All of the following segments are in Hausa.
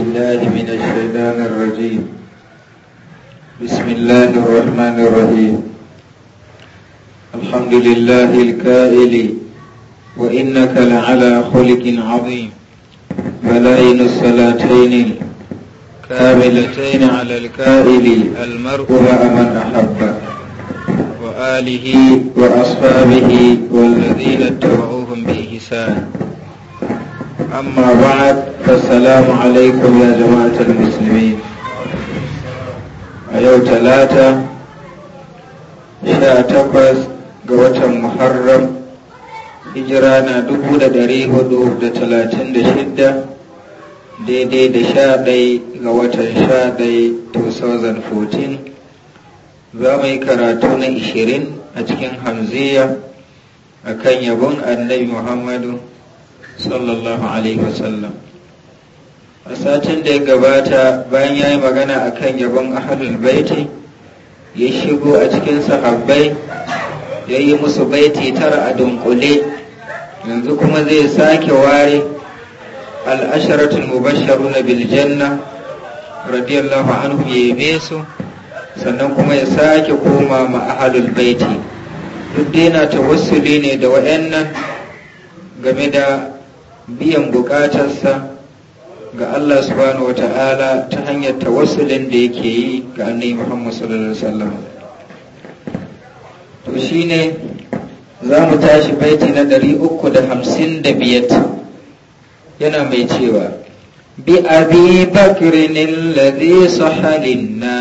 بالله من الشيطان الرجيم بسم الله الرحمن الرحيم الحمد لله الكائل وإنك لعلى خلق عظيم بلائن الصلاتين كاملتين على الكائل المرء ومن أحبه وآله وأصحابه والذين اتبعوهم بإحسان أما بعد فالسلام عليكم يا جماعة المسلمين اليوم ثلاثة إلى تقص قوة محرم hijira na dubu da dari hudu da talatin da shidda daidai da sha ɗai ga watan sha ɗai 2014 za mu yi karatu na ishirin a cikin hamziya a kan yabon annabi muhammadu sallallahu alaihi wasallam a satin da ya gabata bayan ya yi magana a kan yabon ahalul baiti ya shigo a cikin sahabbai ya yi musu baiti tara a dunkule yanzu kuma zai sake ware al'asharatul mubasharu na biljanna radiyallahu anhu ya yi su sannan kuma ya sake koma ma ahalul baiti duk dai na tawassuli ne da wa'annan game da biyan bukatarsa ga Allah subhanahu wa ta'ala ta hanyar tawassulin da yake yi ga annabi Muhammad sallallahu alaihi wasallam to shine za mu tashi baiti na 355 yana mai cewa bi abi bakrin alladhi sahalina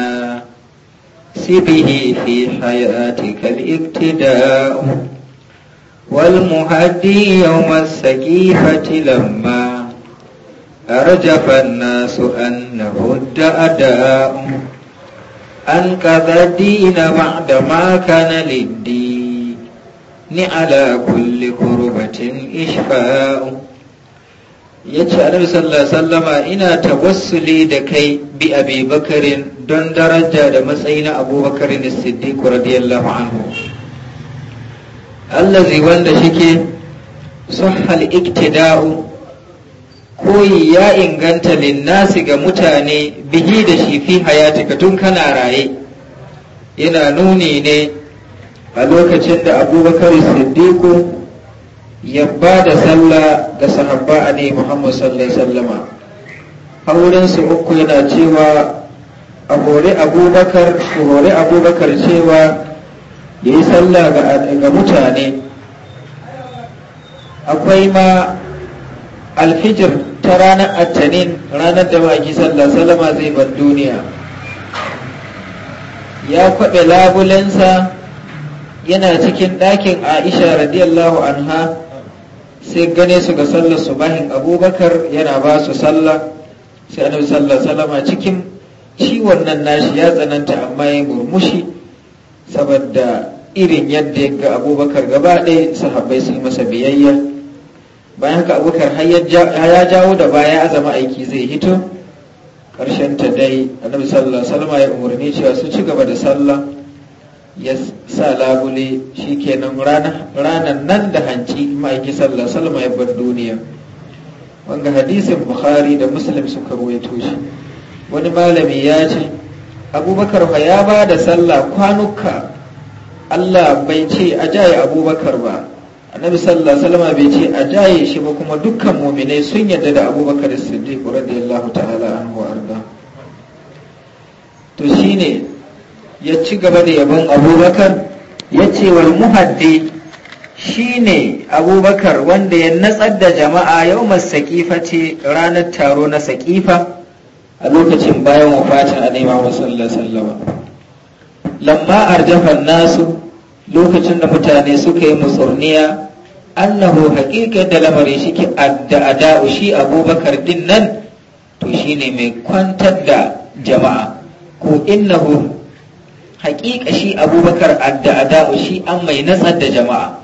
sibihi fi hayatika al-ibtida'u والمهدي يوم السكيفة لما أرجف الناس أنه الدأداء أنقذ الدين بعد ما كان للدين على كل كربة إشفاء ya ce annabi sallallahu alaihi sallama ina tawassuli da kai bi abi bakarin don daraja da matsayi na abubakarin siddiq radiyallahu anhu allazi wanda shike sahal iktida'u koyi ya inganta linnasi ga mutane bihi da shi fi hayatika tun kana raye yana nuni ne a lokacin da abubakar siddiqu ya ba da sallah ga sahabba a ne muhammad sallallahu sallama haurinsu uku yana cewa a hori abubakar cewa ya yi sallah ga mutane akwai ma alfijir ta ranar attanin ranar da baki sallah salama zai bar duniya ya kwaɓe labulensa yana cikin ɗakin aisha radiyallahu anha sai gane su ga sallar subahin abubakar yana ba su sallah sai annabi sallar salama cikin ciwon nan nashi ya tsananta amma ya murmushi saboda irin yadda ga abubakar gaba ɗaya sahabbai sun masa biyayya bayan haka abubakar ya jawo da baya ya zama aiki zai hito ƙarshen ta dai annabi sallallahu alaihi ya umarni cewa su ci gaba da sallah ya sa labule shi shikenan ranar nan da hanci ma'aiki sallallahu alaihi ya bar duniya wanga hadisin bukhari da muslim suka ruwaito shi wani malami ya ce abubakar Ba ya ba da sallah kwanuka Allah bai ce a jaye abubakar ba annabi sallallahu salama bai ce a jaye shi ba kuma dukkan muminai sun yadda da abubakar siddiq radiyallahu ta'ala anhu arda to shine ya ci gaba da yabon abubakar ya ce wa muhaddi shine abubakar wanda ya natsar da jama'a yau saƙifa ce ranar taro na saƙifa? a lokacin bayan wafatin a Muhammad sallallahu alaihi wasallam lamma arjafa nasu lokacin da mutane suka yi musurniya annahu haƙiƙar da lamarin shi ke adda shi abubakar din nan to shi ne mai kwantar da jama'a ko innahu haƙiƙa shi abubakar adda shi an mai nasar da jama'a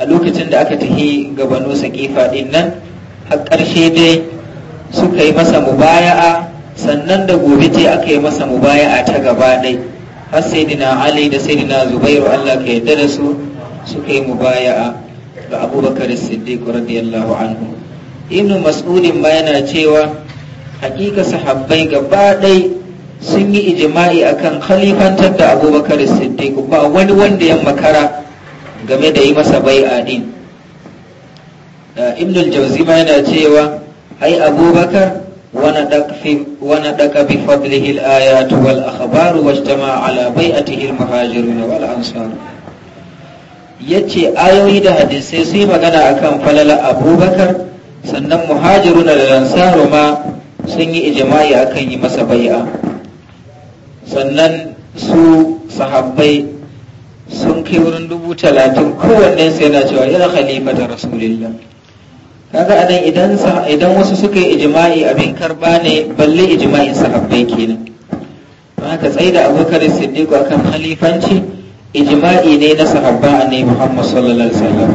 a lokacin da aka tahi gabanu saƙifa din nan a ƙarshe dai suka yi masa mubaya'a sannan da gobe ce aka yi masa mubaya'a ta gaba dai har sai dina ali da dina zubairu Allah ka yarda da su suka yi mubaya'a ga abubakar siddiq radiyallahu anhu ibnu mas'udin ma yana cewa hakika sahabbai gaba dai sun yi ijma'i akan khalifantar da abubakar siddiq ba wani wanda ya makara game da yi masa bai'a din ibn al-jawzi ma yana cewa أي أبو بكر وندك بفضله الآيات والأخبار واجتمع على بيئته المهاجرون والأنصار yace ayoyi da hadisai su yi magana akan falala abubakar sannan muhajiru da lansaru ma sun yi ijimai akan yi masa bai'a sannan su sahabbai sun kai wurin dubu talatin kowanne sai yana cewa yana khalifa da rasulillah kaga anan idan idan wasu suka yi ijma'i abin karba ne balle ijma'in sahabbai kenan don haka tsaye da abubakar siddiq akan halifanci ijma'i ne na sahabba ne muhammad sallallahu alaihi wasallam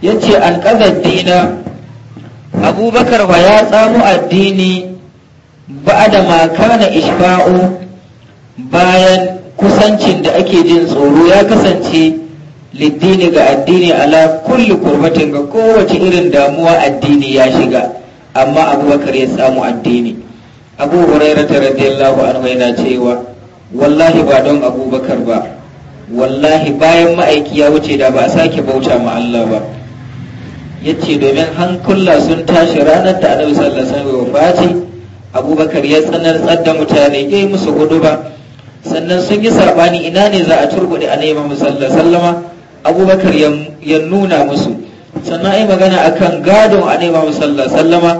yace alqadar dina abubakar wa ya tsamu addini ba'da ma kana isba'u bayan kusancin da ake jin tsoro ya kasance liddini ga addini ala kulli kurbatin ga kowace irin damuwa addini ya shiga amma abubakar ya samu addini abu huraira ta radiyallahu anhu yana cewa wallahi ba don abubakar ba wallahi bayan ma'aiki ya wuce da ba a sake bauta ma Allah ba ya ce domin hankula sun tashi ranar da annabi sallallahu alaihi wasallam abubakar ya tsanar da mutane ya yi musu gudu ba sannan sun yi sabani ina ne za a turbude annabi sallallahu alaihi abubakar ya nuna musu sannan ai magana akan gadon annabi sallallahu sallama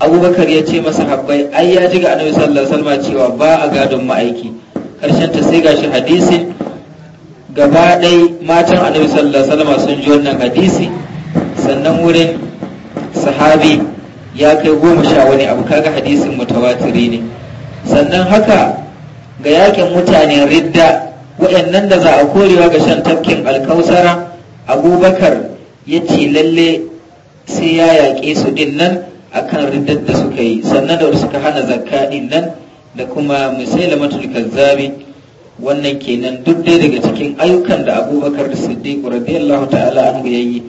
abubakar ya ce masa habbai ai ya ji ga annabi sallallahu sallama cewa ba a gadon ma'aiki karshen ta sai gashi hadisi. gaba ɗai matan annabi sallallahu alaihi sallama sun ji wannan hadisi sannan wurin sahabi ya kai goma sha wani abu kaga hadisin mutawatiri ne sannan haka ga yakin mutanen ridda waɗannan da za a korewa ga shan tafkin alkausara abubakar ya ce lalle sai ya yaƙe su ɗin nan a kan riddar da suka yi sannan da suka hana zakka ɗin nan da kuma musailamatul zabi wannan kenan duk dai daga cikin ayyukan da abubakar da siddiq radiyallahu ta'ala an ya yi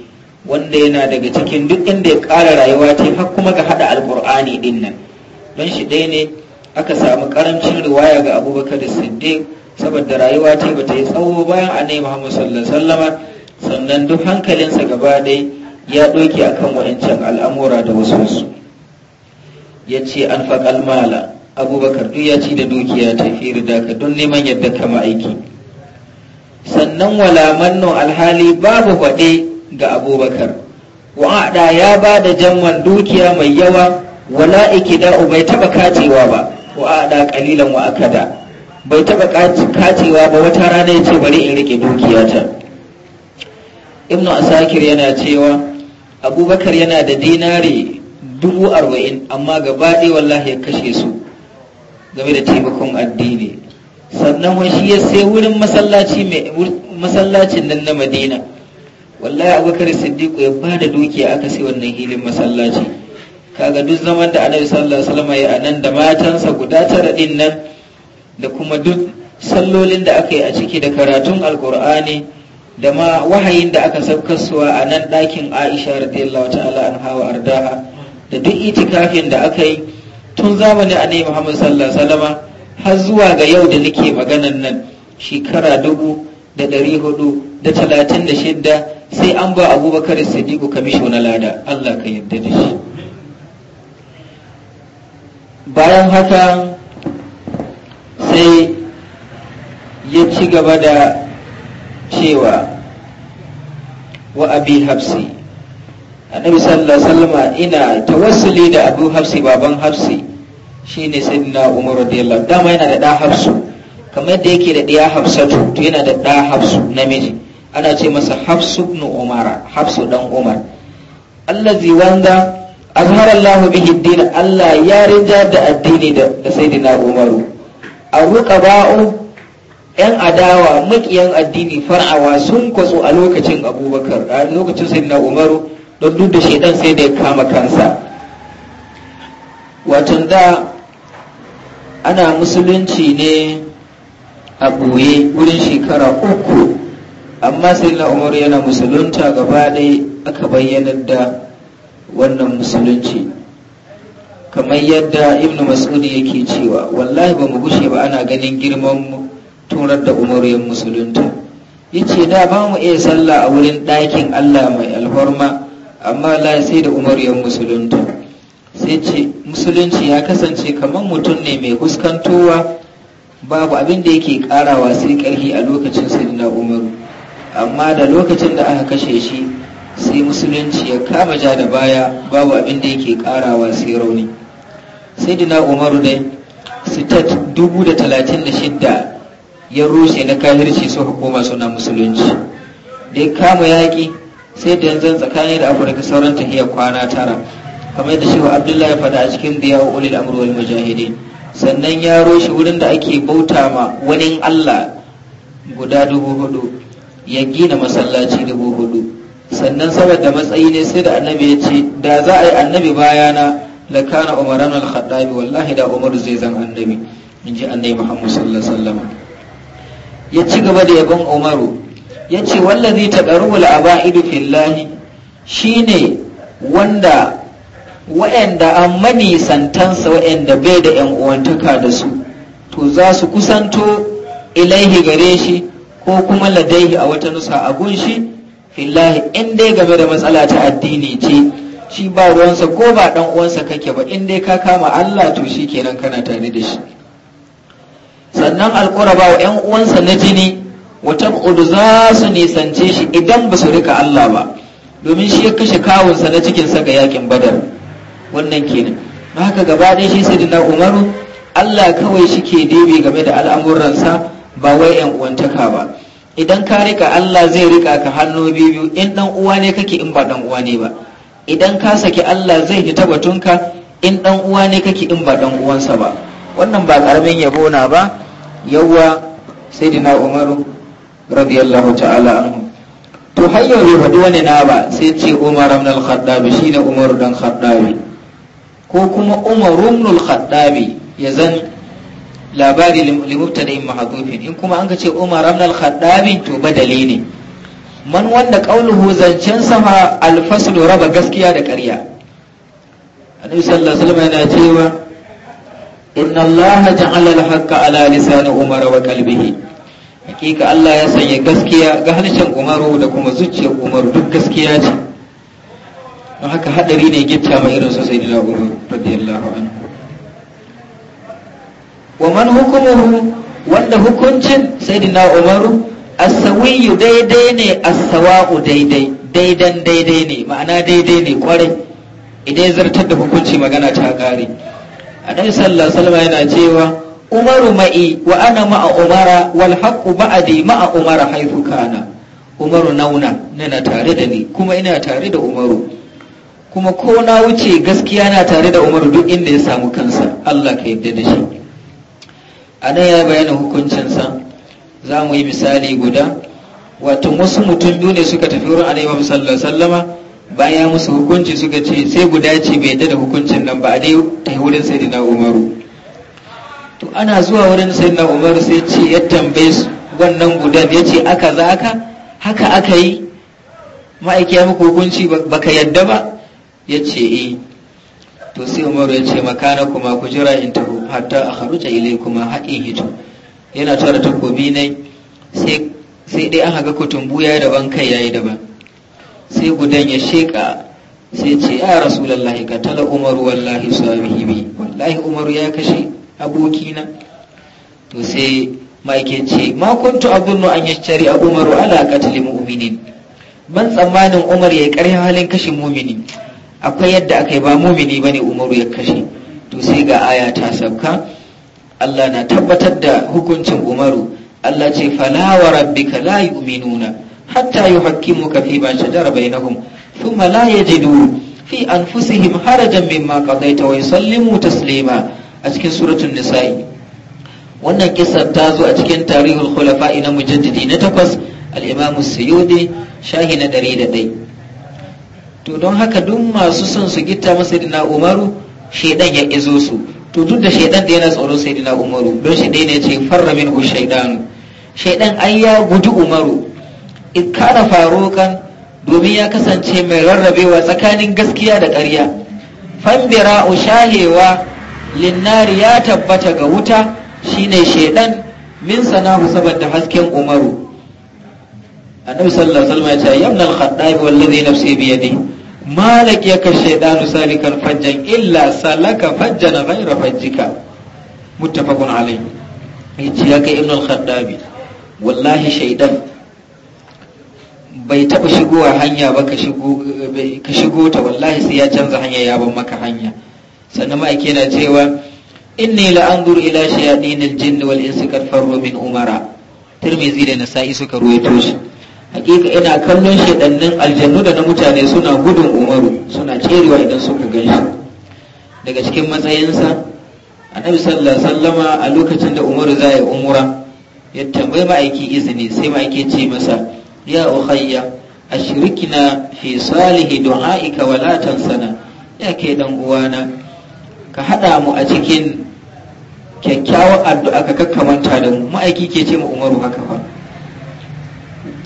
wanda yana daga cikin duk inda ya ƙara rayuwa ce har kuma ga haɗa alƙur'ani ɗin nan don shi ɗaya ne aka samu ƙarancin riwaya ga abubakar da siddiq saboda rayuwa ce ba ta yi tsawo bayan annabi Muhammad sallallahu alaihi wasallam sannan duk hankalinsa gaba dai ya ɗauki akan waɗancan al'amura da wasu su ya ce an faƙal mala abubakar duk ya ci da dukiya ta fi ka don neman yadda kama aiki sannan wala alhali babu faɗe ga abubakar wa'ada ya ba da jamman dukiya mai yawa wala ikida bai taɓa kacewa ba wa'ada ƙalilan wa'akada bai taɓa kacewa ba wata rana ya ce bari in rike dukiyata ibnu asakir yana cewa abubakar yana da dinari dubu arba'in amma gaba ɗaya wallahi ya kashe su game da taimakon addini sannan shi ya sai wurin masallacin nan na madina wallahi abubakar siddiqu ya ba da dukiya aka sai wannan hilin masallaci kaga duk zaman da annabi sallallahu alaihi wasallam ya anan da matansa guda tara din nan da kuma duk sallolin da aka yi a ciki da karatun alkur'ani da ma wahayin da aka saukaswa a nan ɗakin aisha radiyallahu ta'ala an hawa ardaha da duk itikafin da aka yi tun zamani annabi muhammad sallallahu alaihi har zuwa ga yau da nake maganan nan shekara dubu da ɗari hudu da talatin da shidda sai an ba abubakar sadiku kamisho na lada allah ka yarda da shi bayan haka sai ya ci gaba da cewa wa abi hafsi annabi sallallahu sallama ina tawassuli da abu hafsi baban hafsi shine sayyidina umar radiyallahu dama yana da ɗa hafsu kamar yadda yake da ɗaya hafsatu to yana da ɗa hafsu namiji ana ce masa hafsu ibn umara hafsu dan umar allazi wanda azhara Allah bihi din Allah ya rinja da addini da sayyidina umaru ba'un yan adawa maƙiyan addini far'awa sun kwatsu a lokacin abubakar a lokacin na umaru don duk da shaidan sai da ya kama kansa watan da ana musulunci ne a ɓoye wurin shekara uku amma na umaru yana musulunta gaba ɗaya aka bayyanar da wannan musulunci kamar yadda ibnu mas'ud yake cewa wallahi ba mu gushe ba ana ganin girman turar da umariyar musulunta yace da ba mu iya sallah a wurin dakin Allah mai alfarma amma la sai da umariyar musulunta sai ce musulunci ya kasance kamar mutum ne mai huskantowa babu abin da yake karawa sai karhi a lokacin sayyidina umaru amma da lokacin da aka kashe shi sai musulunci ya kama ja da baya babu abin da yake karawa sai rauni sayyidina umaru dai sitat dubu da talatin da shidda ya rushe na kahirci su hukuma suna musulunci da ya kama yaƙi sai da yanzu tsakanin da afirka sauran tahiya kwana tara kamar yadda shehu abdullahi ya faɗa a cikin diya wa ulil amru wal mujahidin sannan ya rushe wurin da ake bauta ma wani allah guda dubu hudu ya gina masallaci dubu hudu sannan saboda matsayi ne sai da annabi ya ce da za a yi annabi bayana Lakana kana umaran al wallahi da Umaru zai zan annabi in ji annabi muhammad sallallahu alaihi ya ci gaba da yabon umaru ya ce wallazi taqarrubul aba'idu fillahi shine wanda wa'anda an manisantansa wa'anda bai da yan uwantaka da su to za su kusanto ilaihi gare shi ko kuma ladaihi a wata nusa a gunshi fillahi in dai game da matsala ta addini ce shi ba ruwansa ko ba dan uwansa kake ba in dai ka kama Allah to shi kenan kana tare da shi sannan alquraba wa ƴan uwansa na jini wa tab'udu za su nisance shi idan ba su rika Allah ba domin shi ya kashe kawunsa na cikin sa ga yakin badar wannan kenan haka gaba ɗaya shi na umaru Allah kawai shi ke debe game da al'amuransa ba wai yan uwantaka ba idan ka rika Allah zai rika ka hannu biyu in dan uwa ne kake in ba dan uwa ne ba idan ka saki Allah zai ji batunka in dan uwa ne kake in ba dan uwansa ba wannan ba karamin yabo na ba yawa sayyidina Umaru radiyallahu ta'ala anhu to har ne bai faɗi wani na ba sai ce Umar ibn al-Khattab shine Umar dan khattab ko kuma Umar ibn al khattab ya zan labari limubtada'in mahdufin in kuma an ka ce Umar ibn al khattab to badali ne man wanda qauluhu zancen sama alfaslu raba gaskiya da ƙarya annabi sallallahu alaihi wasallam yana cewa inna allaha ja'ala al-haqqa ala lisani umar wa qalbihi hakika Allah ya sanya gaskiya ga harshen umaru da kuma zuciyar Umar duk gaskiya ce don haka hadari ne gitta mai irin sai da umaru radiyallahu anhu wa man hukumuhu wanda hukuncin sayyidina Umar. asawiyu daidai ne asawa'u daidai daidan daidai ne ma'ana daidai ne kwarai idan zartar da hukunci magana ta kare annabi sallallahu alaihi wasallam yana cewa umaru ma'i wa ana ma'a umara wal haqqu ba'di ma'a umara haythu kana umaru nauna nana tare da ni kuma ina tare da umaru kuma ko na wuce gaskiya na tare da umaru duk inda ya samu kansa Allah ka yarda da shi anan ya bayyana hukuncinsa za mu yi misali guda wato wasu mutum biyu ne suka tafi wurin alaihi wa sallallahu sallama bayan musu hukunci suka ce sai guda ce bai yadda da hukuncin nan ba a dai ta wurin dina umaru to ana zuwa wurin dina umaru sai ce ya tambaye su wannan gudan ya ce aka za aka haka aka yi ya muku hukunci baka yadda ba ya ce e to sai umaru ya ce makana kuma ku jira in taho hatta a haruta ilai kuma haƙin hito yana tara takobi ne sai dai aka ga kutumbu ya yi daban kai ya yi daban sai gudan ya sheƙa sai ce ya rasulallah ka tala umaru wallahi sahibi wallahi umaru ya kashe abokina to sai maikin ce ma kuntu abdullu an yashtari a umaru ala qatl mu'minin ban tsammanin umar ya yi karhi halin kashe mumini akwai yadda aka yi ba mumini bane umaru ya kashe to sai ga aya ta sabka Allah na tabbatar da hukuncin Umaru Allah ce fala wa rabbika la yu'minuna hatta yuhakkimuka fi ma shajara bainahum thumma la yajidu fi anfusihim harajan mimma qadaita wa yusallimu taslima a cikin suratul nisa'i wannan kissar ta zo a cikin tarihul khulafa'i na mujaddidi na takwas al-imam suyudi shahi na ɗari da ɗai to don haka duk masu son su gita masa na umaru shedan ya izo su to duk da shaidan da yana sai ina umaru don shi ne ce farra min hu shaidanu shaidan ai ya guji umaru in kana farukan domin ya kasance mai rarrabewa tsakanin gaskiya da ƙarya fambira shahewa linnari ya tabbata ga wuta shine shaidan min hu saboda hasken umaru annabi sallallahu alaihi wasallam ya ce yamnal khaddabi wallazi nafsi biyadihi malak يا kashe danu salikan الا illa salaka غير فجك متفق عليه alayhi yace ya kai ibn al wallahi bai taba shigowa hanya ba ka shigo ta wallahi sai ya canza hanya ya ban maka hanya sannan ma'aike na cewa inni la'anzur ila shayadin al wal insi qad farru min umara tirmizi da nasa'i suka ruwaito shi hakika ina kallon shedannin aljannu da na mutane suna gudun umaru suna cerewa idan su gan shi daga cikin matsayinsa annabi sallallahu sallama a lokacin da umaru za ya umura ya tambayi ma'aiki izini sai ma'aiki ce masa ya ukhayya ashrikna fi salihi du'aika wa la tansana ya ke dan uwana ka hada mu a cikin kyakkyawan addu'a ka kakkamanta da mu ma'aiki ke ce ma umaru haka fa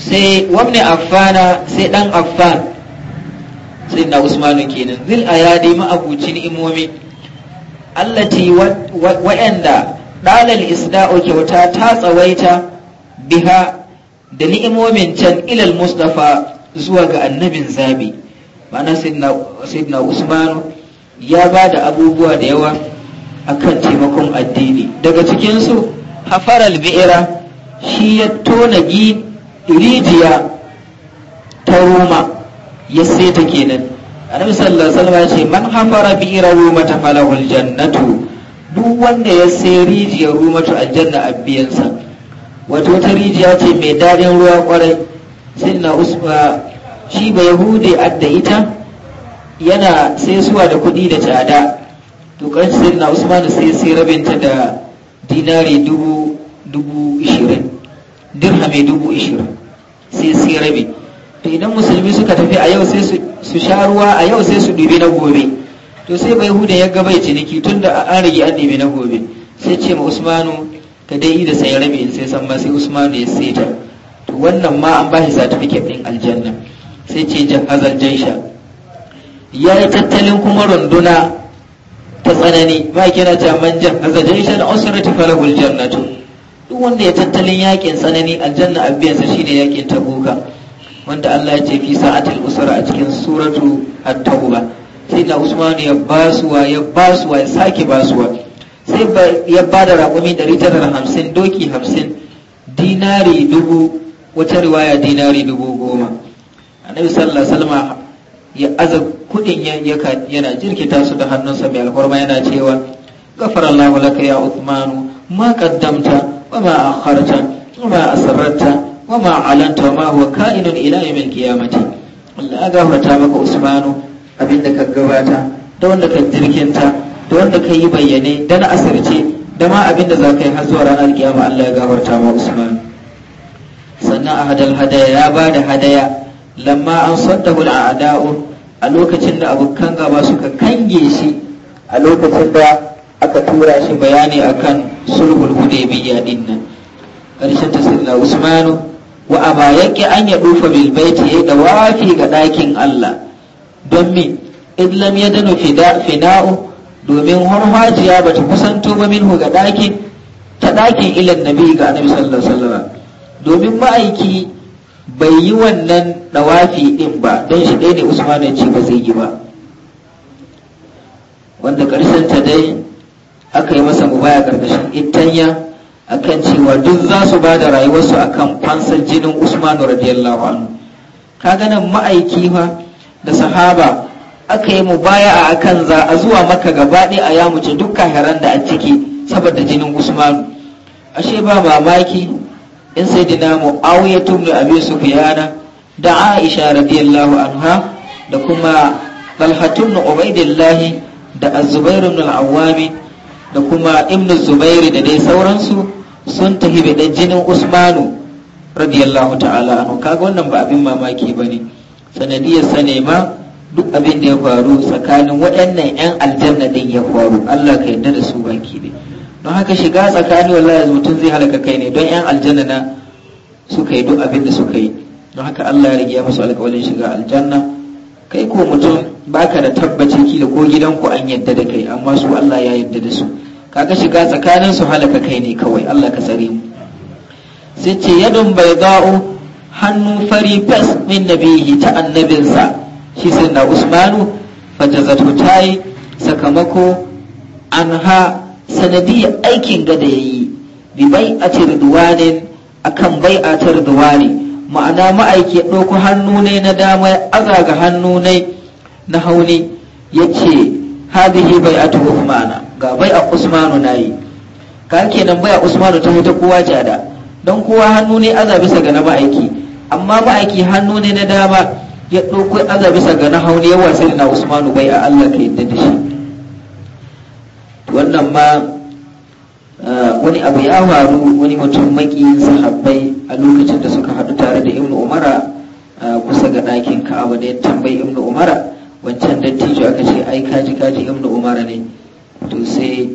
sai wamne affana sai dan affan sai na usmanu kenan zil ayadi ma'abucin imomi allati wa'anda dalal isda'u kyauta ta tsawaita biha da ni'imomin can ilal mustafa zuwa ga annabin zabi ma'ana sayyidina usmanu ya ba da abubuwa da yawa akan taimakon addini daga cikinsu hafaral bi'ira shi ya tona rijiya ta roma ya seta kenan annabi sallallahu alaihi wasallam ce man hafara bi roma ta falahul jannatu duk wanda ya sai rijiyar ta aljanna a biyansa wato wata rijiya ce mai dadin ruwa kwarai sai na usba, shi ba yahude adda ita yana sai suwa da kuɗi da tsada to kanshi sai na usman sai sai rabinta da dinari dubu dubu ishirin dirhami dubu ishirin sai sai rabi to idan musulmi suka tafi a yau sai su sha ruwa a yau sai su dubi na gobe to sai bai huda ya gaba ya ciniki tunda an rage an dubi na gobe sai ce ma usmanu ka dai da sai rabi in sai san ma sai usmanu ya saita to wannan ma an bashi certificate din aljanna sai ce Jan azal jaisha ya yi tattalin kuma runduna ta tsanani ba kira ta manjan azal jaisha da usratu falahul jannatu duk wanda ya tattalin yakin tsanani aljanna abiyansa shine yakin tabuka wanda Allah ya ce fi sa'atil usra a cikin suratu at-tauba sai na Usman ya basuwa ya basuwa ya sake basuwa sai ya ba da raƙumi 950 doki 50 dinari dubu wata riwaya dinari dubu goma annabi sallallahu alaihi wasallam ya aza kudin yana jirkita su da hannunsa mai alfarma yana cewa gafarallahu laka ya Uthmanu ma qaddamta وما أخرت وما أسررت وما علنت وما هو كائن إلى يوم القيامة Allah ya gafarta maka Usmanu abin ka gabata da wanda ka jirkinta da wanda ka yi bayyane da na asirce da ma abin za ka yi har zuwa ranar kiyama Allah ya gafarta ma Usmanu sannan a hadal hadaya ya ba da hadaya lamma an saddahu al'ada'u a lokacin da abokan gaba suka kange shi a lokacin da aka tura shi bayani akan sulhul hudaybiyya din nan karshen ta sirna usmanu wa aba yake an ya dufa bil baiti ya wafi ga dakin Allah don min id lam yadanu fina'u domin harhajiya bata kusanto ba minhu ga dakin ta dakin ilan nabi ga annabi sallallahu alaihi wasallam domin ma'aiki bai yi wannan dawafi din ba don shi ɗaya ne usmanu ya ce ba zai yi ba wanda ƙarshen ta dai aka yi masa mubaya itanya a kan cewa duk za su ba da rayuwarsu akan fansar jinin usmanu radiyallahu anhu Ka nan ma'aiki fa da sahaba aka yi mubaya a akan za a zuwa maka gabaɗe a ya muce duk kahiran da a ciki saboda jinin usmanu ashe ba mamaki in sai dina mu'awiya tumni su sufyana da aisha radiyallahu anha da kuma talha tumni ubaidillahi da az-zubair ibn awwami da kuma ibnu Zubairu da dai sauransu sun tafi da jinin usmanu radiyallahu ta'ala anhu kaga wannan ba abin mamaki ba ne sanadiyar sa ne duk abin da ya faru tsakanin waɗannan 'yan aljanna din ya faru Allah ka yarda da su baki ne don haka shiga tsakani wallahi mutum zai halaka kai ne don 'yan aljanna na suka yi duk abin da suka yi don haka Allah ya rage ya masu alƙawarin shiga aljanna kai ko mutum baka da tabbacin kila ko gidanku an yadda da kai amma su Allah ya yadda da su kaga shiga tsakanin su halaka kai ne kawai Allah ka tsare mu sai ce yadun bayda'u hannu fari fas min nabihi ta annabinsa shi sunna usmanu fajazatu tayi sakamako anha sanadiyar aikin gada yayi bi a duwanin akan bai bai'atar duwani ma'ana ma'aiki ɗauko hannu ne na dama ya aza ga hannu ne na hauni ya ce hadihi bai a tuhu ma'ana ga bai a usmanu na yi ka kenan bai a usmanu ta wuta kowa jada don kowa hannu ne aza bisa ga na ma'aiki amma ma'aiki hannu ne na dama ya ɗauko aza bisa ga na hauni ya wasa na usmanu bai a allah ka yadda da shi wannan ma eh, wani abu ya faru wani mutum makiyin sahabbai a lokacin da suka haɗu tare da ibnu umara kusa ga ɗakin ka'aba da ya tambayi ibnu umara wancan dattijo aka ce ai kaji kaji ibnu umara ne to sai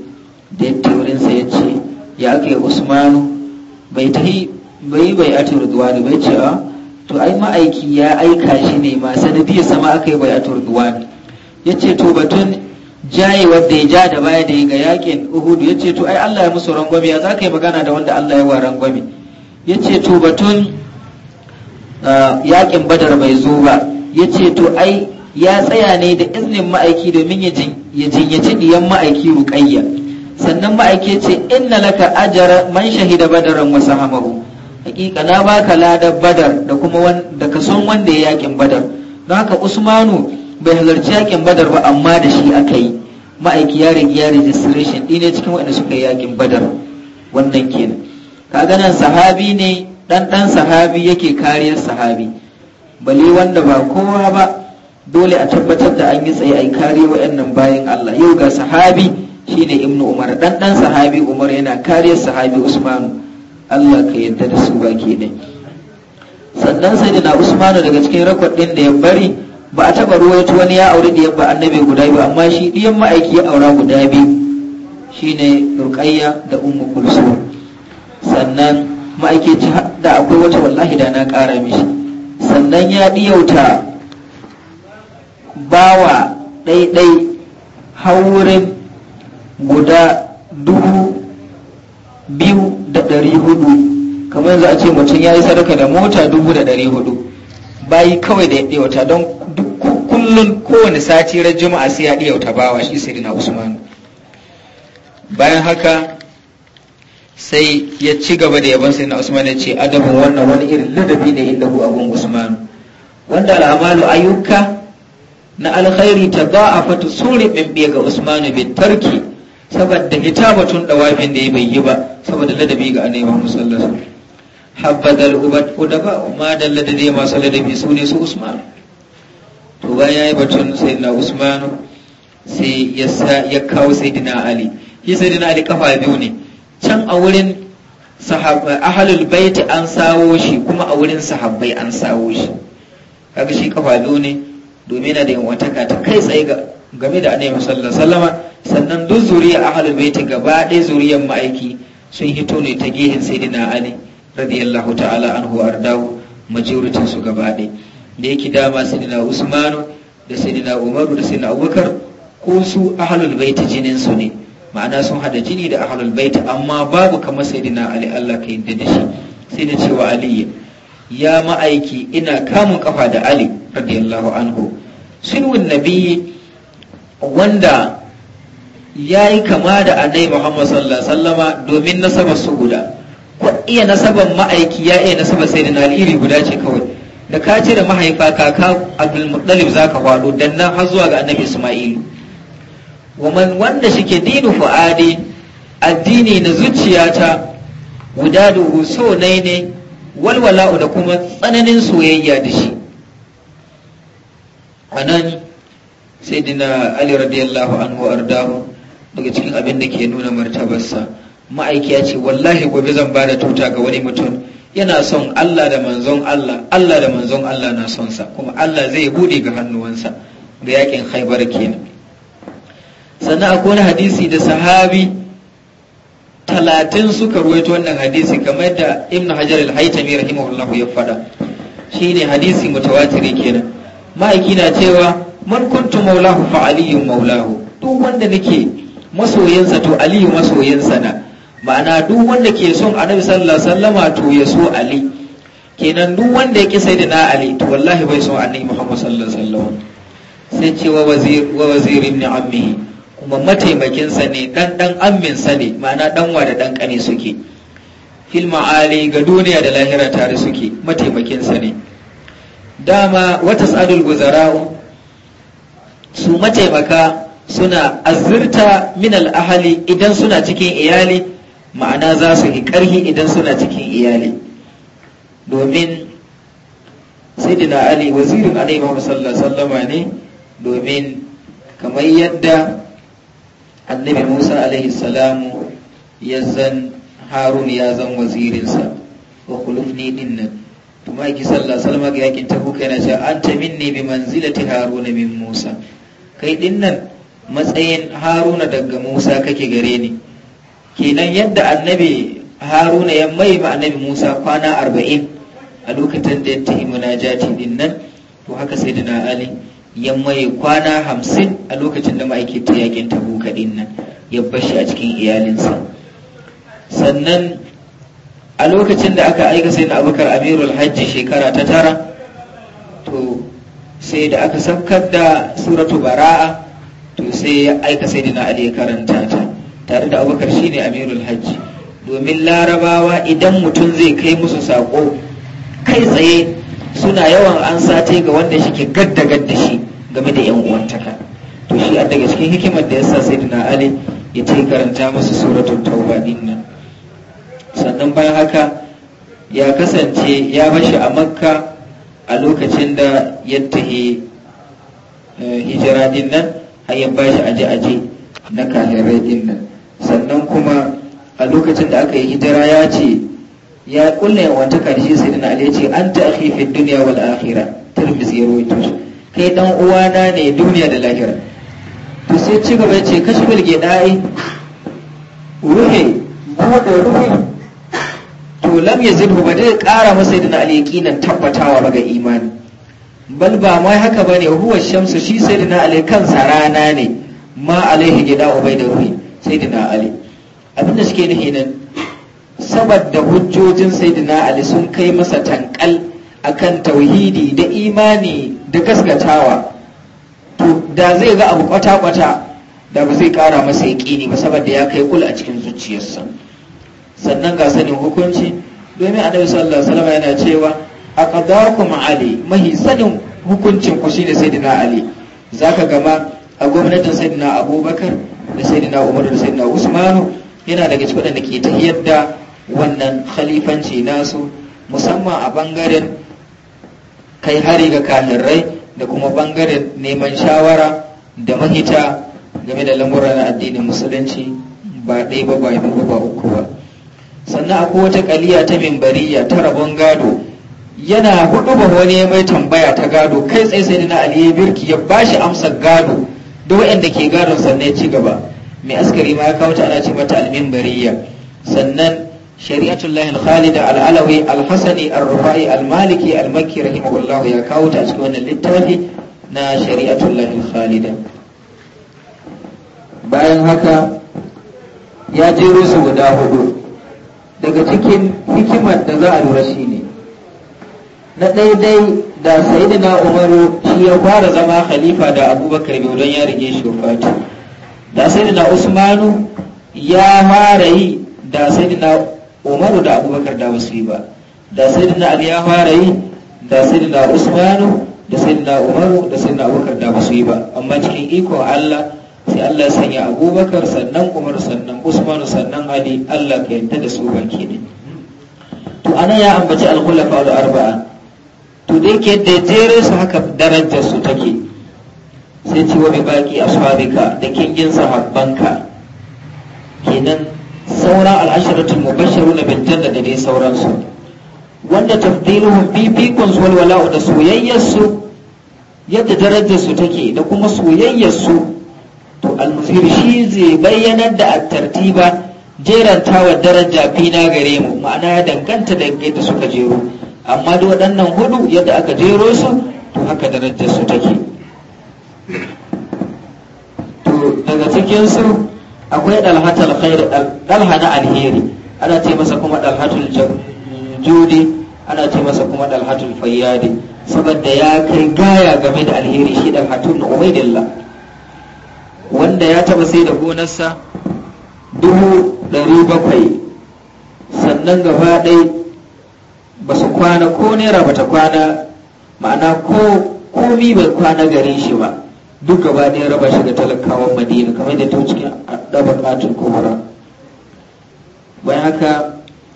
da taurinsa ya ce ya aka yi usmanu bai ta bai bai a turduwani bai ce a ah, to ai ma'aiki ya aika shi ne ma sanadiyar sama aka yi bai a turduwani ya ce to batun jaye wadda ya ja da baya da ya ga yakin uhudu ya ce to ai allah ya musu rangwame ya za ka yi magana da wanda allah ya wa rangwame ya ce to batun uh, yakin badar bai zo ba ya ce to ai ya tsaya ne da iznin ma'aiki domin ya jinyaci diyan ma'aiki ruƙayya sannan ma'aiki ce inna laka ajar man shahida badaran wasu hamaru hakika na baka ladar badar da kuma da son wanda ya yakin badar don haka usmanu bai halarci yakin badar ba amma da shi aka yi ma'aiki ya rigi ya registration ɗine cikin waɗanda suka yi yakin badar wannan kenan kaganan sahabi ne dan sahabi yake kariyar sahabi bali wanda ba kowa ba dole a tabbatar da an yi tsaye ai kare wayannan bayan Allah yau ga sahabi shine ibnu umar dan dan sahabi umar yana kariyar sahabi usmanu Allah ka yadda da su baki dai. sannan sai da usmanu daga cikin rakwad ɗin da ya bari ba a taba ruwaito wani ya aure da yabba annabi guda biyu amma shi ɗiyan ma'aiki ya aura guda biyu shine Rukayya da ummu kulsum sannan ma'aikaci da akwai wata wallahi da na ƙara mishi sannan ya ɗiyauta bawa ɗaiɗai haurin guda dubu biyu da ɗari hudu kamar yanzu a ce mutum ya yi sadaka da mota dubu da ɗari hudu bayi kawai da ya ɗiyauta don kullum kowane sati ran juma'a sai ya ɗiyauta bawa shi sai na usman bayan haka sai ya ci gaba da yaban sai na usman ya ce adabin wannan wani irin ladabi ne inda hu abun usman wanda al'amalu ayyuka na alkhairi ta ba a fata suri bimbiya ga usman bi tarki saboda hitabatun dawafin da ya bai yi ba saboda ladabi ga annabi Muhammad sallallahu alaihi wasallam habbadal ubad udaba ma da ladabi masu ladabi su ne su usman to bayan yayi batun sai na usman sai ya kawo sayyidina ali shi sayyidina ali kafa biyu ne can a wurin ahalul baiti an sawo shi kuma a wurin sahabbai an sawo shi kaga shi kafa ne domin yana da wata ta kai tsaye game da annabi sallallahu alaihi sannan duk zuriya ahalul baiti gaba ɗaya zuriyar ma'aiki sun hito ne ta gehen sayyidina ali radiyallahu ta'ala anhu ardau majoritin su gaba ɗaya da yake dama sayyidina usmanu da sayyidina umaru da sayyidina abubakar ko su ahalul baiti jinin su ne ma'ana sun hada jini da ahlul baita amma babu kamar sayyidina ali Allah kai yadda da shi sai da cewa ali ya ma'aiki ina kamun kafa da ali radiyallahu anhu sunwin nabi wanda ya yi kama da annabi muhammad sallallahu alaihi wasallama domin nasaba su guda ko iya nasaban ma'aiki ya iya nasaba sayyidina ali iri guda ce kawai da ka cire mahaifa kaka abdul muttalib zaka kwado dan nan har zuwa ga annabi isma'ilu ومن وند wanda دين dinu fu'adi addini na zuciyata نيني والولاء nai ne walwala'u da kuma tsananin soyayya da shi anan sai dina ali radiyallahu daga cikin abin da ke nuna martabarsa ma'aiki ya ce wallahi gobe zan ba da tuta ga wani mutum yana son Allah da manzon Allah Allah da manzon Allah na son sa kuma Allah zai bude ga hannuwansa ga yakin khaybar kenan sannan akwai wani hadisi da sahabi talatin suka ruwaito wannan hadisi kamar da ibn hajar al-haitami rahimahullahu ya faɗa shine hadisi mutawatiri kenan ma'aiki na cewa man kuntu maulahu fa aliyun maulahu duk wanda nake masoyinsa to aliyu masoyinsa na ma'ana duk wanda ke son annabi sallallahu alaihi wasallama to ya so ali kenan duk wanda ya kisa da na ali to wallahi bai son annabi muhammad sallallahu alaihi wasallam sai ce wa wazir wa wazirin ni kuma mataimakinsa ne dan dan sa ne ma'ana danwa da dan kane suke fil ma'ali ga duniya da lahira tare suke mataimakinsa ne dama wata sadul guzara'u su mataimaka suna azurta min ahali idan suna cikin iyali ma'ana za su yi karhi idan suna cikin iyali domin sayyidina ali wazirin alaihi sallama ne domin kamar yadda annabi musa alaihi salamu ya zan harun ya zan wazirinsa wa kulufni din nan kuma yake sallah salama ga yakin ta kuka yana cewa an minni bi manzilati haruna min musa kai din matsayin haruna daga musa kake gare ni kenan yadda annabi haruna ya mai ma annabi musa kwana arba'in a lokacin da ya tahi munajati din nan to haka sai da ali ya mai kwana hamsin a lokacin da ma'aikata ta yakin tabu kaɗin nan ya bashi a cikin iyalinsa sannan a lokacin da aka aika sai na abokar amirul hajji shekara ta tara to sai da aka saukar da suratu bara'a to sai ya aika sai na ali ya karanta ta tare da abokar shine amirul hajji domin larabawa idan mutum zai kai musu saƙo kai tsaye suna yawan an sace ga wanda shi ke gadda da shi game da yan uwantaka to shi a daga cikin hikimar da ya sa yasa sayyidina ali ya ce karanta musu suratul tauba din nan sannan bayan haka ya kasance ya bashi a makka a lokacin da ya tahi eh, hijira din nan har ya bashi aje aje na kahirai din nan sannan kuma a lokacin da aka yi hijira ya ce ya kulla yawanta karshe sai da Ali ce an ta akhi duniya dunya wal akhirah tirmidhi ya rawaito kai dan uwana ne duniya da lahira to sai ci gaba ce bilge gidai ruhe bude ruhe to lam yazidhu ba dai kara masa da Ali yaqinan tabbatawa ba ga imani bal ba ma haka bane huwa shamsu shi sai da Ali kansa rana ne ma alaihi gida ubai da ruhi sai da Ali abinda suke nufi nan saboda hujjojin sayyidina ali sun kai masa tankal akan tauhidi da imani da gaskatawa to da zai ga abu kwata-kwata da ba zai kara masa yaƙini ba saboda ya kai kula a cikin zuciyarsa sannan ga sanin hukunci domin a annabi sallallahu alaihi wasallam yana cewa aqdakum ali mahi sanin hukuncin ku shine sayyidina ali zaka gama a gwamnatin sayyidina abubakar da sayyidina umar da sayyidina usmanu yana daga cikin wadanda ke tahiyar da wannan khalifanci nasu musamman a bangaren kai hari ga kahirai da kuma bangaren neman shawara da mahita game da lamuran addinin musulunci ba ɗaya ba ba biyu ba uku ba sannan akwai wata kaliya ta mimbariya ta rabon gado yana hudu ba wani ya mai tambaya ta gado kai tsaye sai na aliyu birki ya bashi amsar gado da waɗanda ke gado sannan ya ci gaba mai askari ma ya kawo ta ana ce mata almimbariya sannan شريعة الله الخالدة العلوي الحسني الرفاعي المالكي المكي رحمه الله يا كاوتا littafi na نا شريعة الله الخالدة bayan haka ya jero guda hudu daga cikin hikimar da za a lura shi ne na daidai da Saidina umaru shi ya fara zama khalifa da abubakar biyu don ya rige shi da sayidina usmanu ya fara yi da sayidina umaru da abubakar da wasu ba da sai da ali ya fara yi da sai da usmanu da sai da umaru da sai da abubakar da yi ba amma cikin ikon allah sai allah sanya abubakar sannan umaru sannan usmanu sannan ali allah ka yanta da su baki ne to ana ya ambaci alkhulafa al-arba'a to dai ke da jere su haka darajar su take sai ci wani baki ashabika da kingin sahabbanka kenan sauran al'asharatul mubashshiruna bil janna da dai sauransu wanda tafdiluhum bi fikun wal wala'u da soyayyarsu yadda darajar su take da kuma soyayyarsu to al-muzhir shi zai bayyana da a tartiba jerantawa daraja fina gare mu ma'ana ya danganta da yadda suka jero amma da waɗannan hudu yadda aka jero su to haka darajar su take to daga cikin su akwai dalhatul khair dalha na alheri ana ce masa kuma dalhatul judi ana ce masa kuma dalhatul fayyadi saboda ya kai gaya game da alheri shi dalhatul ubaidillah wanda ya taba sai da gonarsa dubu ɗari bakwai sannan gaba ɗai ba su kwana ko naira ba kwana ma'ana ko komi bai kwana gare shi ba duk gaba ne raba shi ga talakawan madina kamar da ta cikin ɗabakatul kubra bayan haka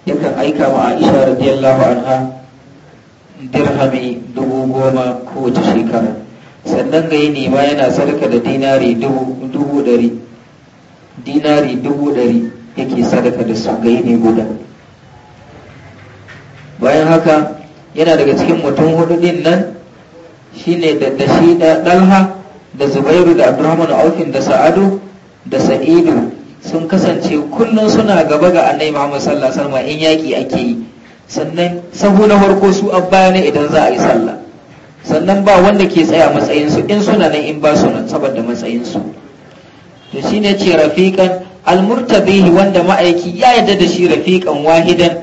yakan aika ma aisha radiyallahu anha dirhami dubu goma kowace shekara sannan ga yini ma yana sadaka da dinari dubu ɗari dinari dubu ɗari yake sadaka da su ga yini guda bayan haka yana daga cikin mutum hudu din nan shine da shi da da zubairu da abdurrahman aufin da sa'adu da sa'idu sun kasance kullum suna gaba ga annabi muhammad sallallahu alaihi in yaki ake yi sannan sahu na farko su an baya ne idan za a yi sallah sannan ba wanda ke tsaya matsayinsu in suna nan in ba su nan saboda matsayinsu to shine ce rafiqan almurtabihi wanda ma'aiki ya yadda da shi rafiqan wahidan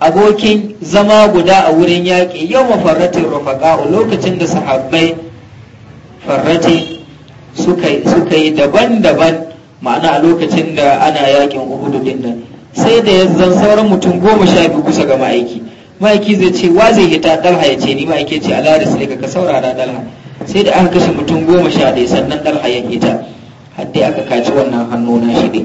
abokin zama guda a wurin yaƙi yau mafarratin rufaka lokacin da sahabbai farrati suka yi daban-daban ma'ana a lokacin da ana yakin uhudu din nan sai da ya zan sauran mutum goma sha biyu kusa ga ma'aiki ma'aiki zai ce wa zai hita dalha ya ce ni ma'aiki ce alaris ne ka saurara dalha sai da aka kashe mutum goma sha ɗaya sannan dalha ya hita Haddai aka kaci wannan hannu na shi ne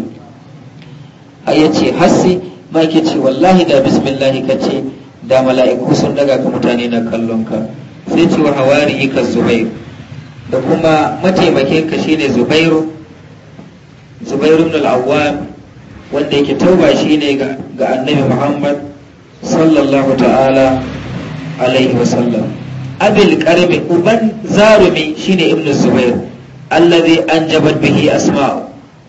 a ya ce hassi ma'aiki ce wallahi da bismillahi ka ce da mala'iku sun daga ka mutane na kallon ka sai ce wa hawari ka zubair da kuma mataimakin ka shine zubairu zubairu ibn al-awwam wanda yake tauba shine ga ga annabi muhammad sallallahu ta'ala alaihi wa abil uban zarumi shine ibn zubair alladhi anjabat bihi asma'u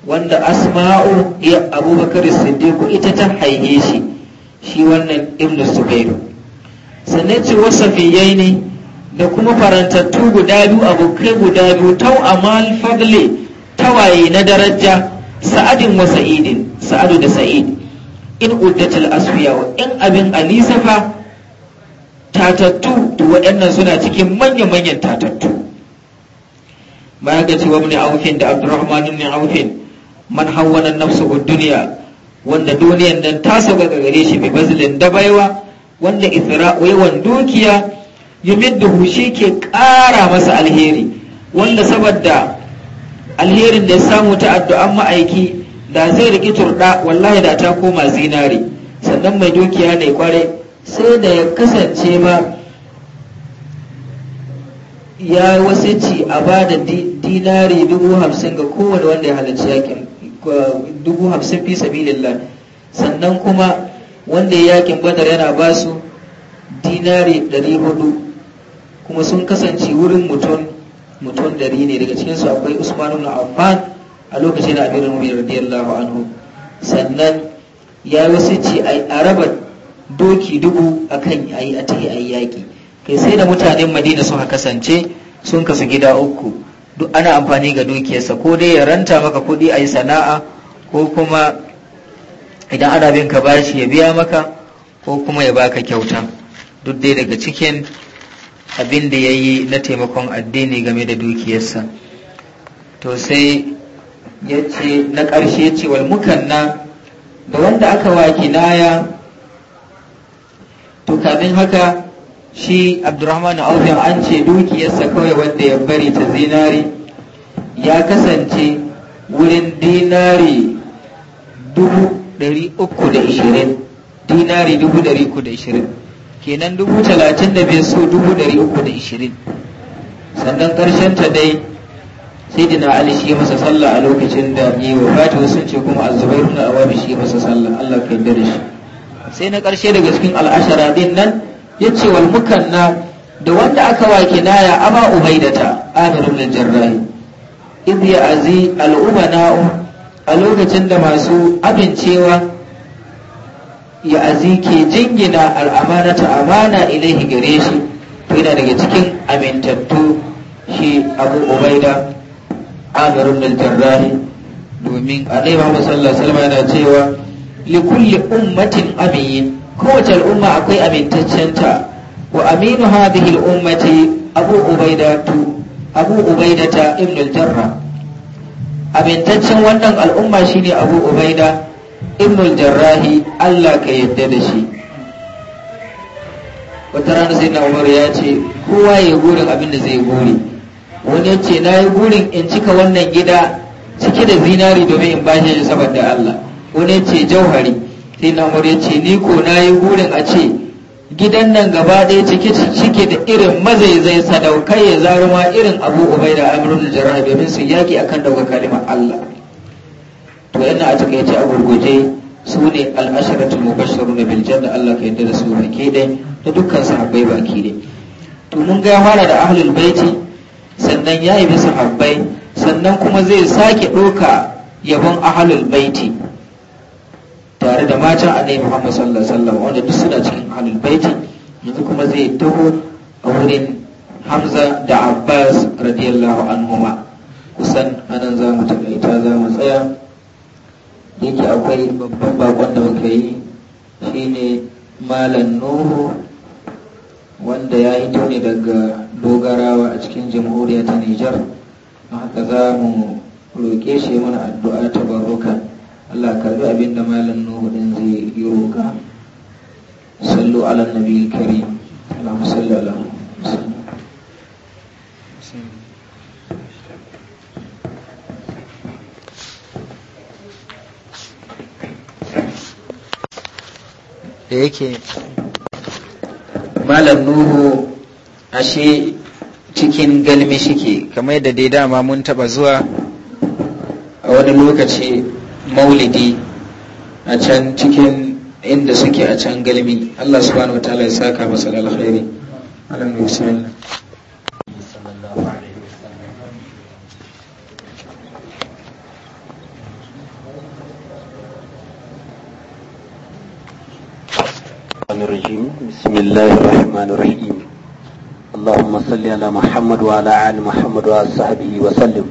wanda asma'u ya abubakar siddiq ita ta haihe shi shi wannan ibn zubair sannan wasafiyaini da kuma farantattu guda biyu abokai guda biyu tau amal fadle tawaye na daraja sa'adin wa sa'idin sa'adu da sa'id in uddatul asfiya wa in abin alisafa tatattu to waɗannan suna cikin manya-manyan tatattu baya ga cewa aufin da abdurrahman ibn aufin man hawwana nafsu duniya wanda duniyan nan ta saba ga gare shi bi bazlin da baiwa wanda isra'u yawan dukiya yumidduhu shi ke ƙara masa alheri wanda saboda alherin da ya samu ta addu'an ma'aiki da zai riki turda wallahi da ta koma zinari sannan mai dukiya ne kwarai sai da ya kasance ma ya wasici a ba da dinari dubu hamsin ga kowane wanda ya halarci yakin dubu hamsin fi sabilillah sannan kuma wanda ya yakin badar yana ba su dinari ɗari kuma sun kasance wurin mutum mutum ne daga cikinsu akwai usman ibn affan a lokacin da amirul mu'minin radiyallahu anhu sannan ya yi wasu ce a raba doki dubu akan ayi a tahi ayi yaki kai sai da mutanen madina suka kasance sun kasu gida uku duk ana amfani ga dukiyarsa ko dai ya ranta maka kuɗi a yi sana'a ko kuma idan ana bin ka bashi ya biya maka ko kuma ya baka kyauta duk dai daga cikin abin da ya yi na taimakon addini game da dukiyarsa to sai ya ce na ƙarshe ce wal mukanna da wanda aka wa kinaya to kamin haka shi abdurrahman aufin an ce dukiyarsa kawai wanda ya bari ta zinari ya kasance wurin dinari dubu dinari kenan dubu talatin da biyar so dubu dari uku da ishirin sannan ƙarshen ta dai sai dina ali shi masa sallah a lokacin da ya yi wa sun ce kuma azubair na awabi shi masa sallah allah ka yarda da shi sai na ƙarshe daga cikin al'ashara din nan ya ce wal mukanna da wanda aka wa kinaya aba ubaidata amir ibn jarrahi idh ya'zi al a lokacin da masu abincewa ya azike jingina al'amanata amana ilaihi gare shi to yana daga cikin amintattu shi abu ubaida amirun ibn jarrahi domin a Muhammad sallallahu alaihi Salma yana cewa likulli ummatin amin kowace al'umma akwai amintaccenta wa aminu hadhihi ummati abu tu abu ta ibn al-jarrah amintaccen wannan al'umma shine abu ubaida ibnul jarrahi Allah ka yadda da shi wata rana sai na umar ya ce kowa ya gurin abin zai guri wani ya ce na yi gurin in cika wannan gida cike da zinari domin in bashe shi saboda Allah wani ya ce jauhari sai na umar ya ce ni ko na yi gurin a ce gidan nan gaba ɗaya cike cike da irin mazaizai sadaukai ya zaruma irin abu ubai da amirin jarrahi domin su yaki akan ɗaukar kalimar Allah wayannan a cikin yace a gurguje su ne al'asharatul mubashsharuna bil janna Allah ka yadda da su baki dai da dukkan sahabbai baki dai to mun ga fara da ahlul baiti sannan ya yi sahabbai sannan kuma zai sake ɗauka yabon ahlul baiti tare da matan annabi Muhammad sallallahu alaihi wasallam wanda duk suna cikin ahlul baiti yanzu kuma zai taho a wurin Hamza da Abbas radiyallahu anhuma kusan anan za mu takaita za mu tsaya yake akwai babban bakon da muka yi shine malam nuhu wanda ya hito ne daga dogarawa a cikin jamhuriya ta nijar na haka za mu roƙe shi mana addu'a ta baroka allah karbi abin da malam nuhu ɗin zai yi roƙa sallu ala nabi karim yake malam nuhu ashe cikin galmi shike kamar yadda dai dama mun taba zuwa a wani lokaci maulidi a can cikin inda suke a can galmi allah subhanahu wa ta'ala ya saka masa alkhairi alhamdulillah الله الرحمن الرحيم اللهم صل على محمد وعلى آل محمد وعلى صحبه وسلم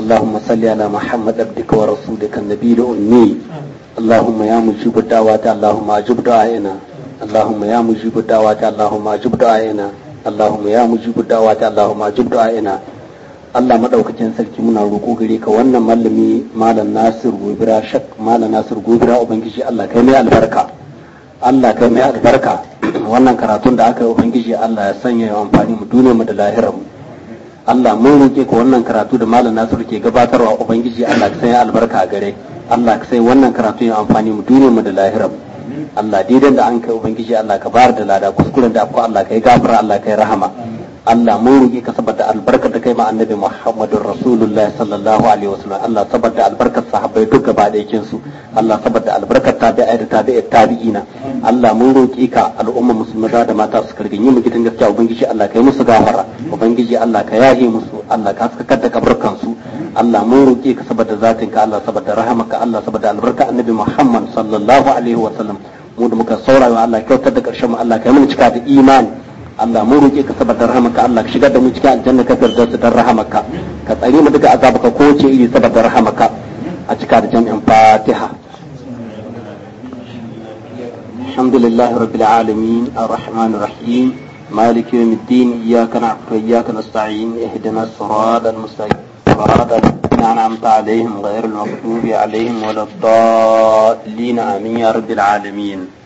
اللهم صل على محمد عبدك ورسولك النبي الأمي اللهم يا مجيب الدعوات اللهم أجب دعائنا اللهم يا مجيب الدعوات اللهم أجب دعائنا اللهم يا مجيب الدعوات اللهم أجب دعائنا Allah madaukakin sarki muna roƙo gare ka wannan mallami malam Nasir Gobira shak malam Nasir Gobira ubangiji Allah kai mai albarka Allah kai mai albarka wannan karatun da aka yi ubangiji Allah ya sanya yawan amfani mu duniya mu da lahirar mu Allah mun roke ka wannan karatu da malam Nasiru ke gabatarwa ubangiji Allah ka sanya albarka a gare Allah ka sanya wannan karatu ya amfani mu duniya mu da lahirar mu Allah daidan da an kai ubangiji Allah ka bayar da lada kuskuren da akwai Allah ka yi gafara Allah ka yi rahama Allah mun roƙi ka saboda albarkar da kai ma annabi Muhammadur Rasulullah sallallahu alaihi wasallam Allah saboda albarkar sahabbai duk gaba ɗayan su Allah saboda albarkar tabi'ai da tabi'i tabi'ina Allah mun roƙi ka al'umma musulmi da mata su karbi yin gidan gaskiya ubangiji Allah kai musu gafara ubangiji Allah ka yahi musu Allah ka haskaka da kabarkan su Allah mun roƙi ka saboda zatin ka Allah saboda rahamaka Allah saboda albarkar annabi Muhammad sallallahu alaihi wasallam mu da muka saurara Allah kyautar da ƙarshen mu Allah kai mun cika da imani Allah mu roke ka sabata rahamaka Allah ka shigar da mu cikin aljanna ka tarda su dan rahamaka ka tsare mu daga الحمد لله رب العالمين الرحمن الرحيم مالك يوم الدين إياك نعبد وإياك نستعين اهدنا الصراط المستقيم صراط الذين أنعمت عليهم غير المغضوب عليهم ولا الضالين آمين يا رب العالمين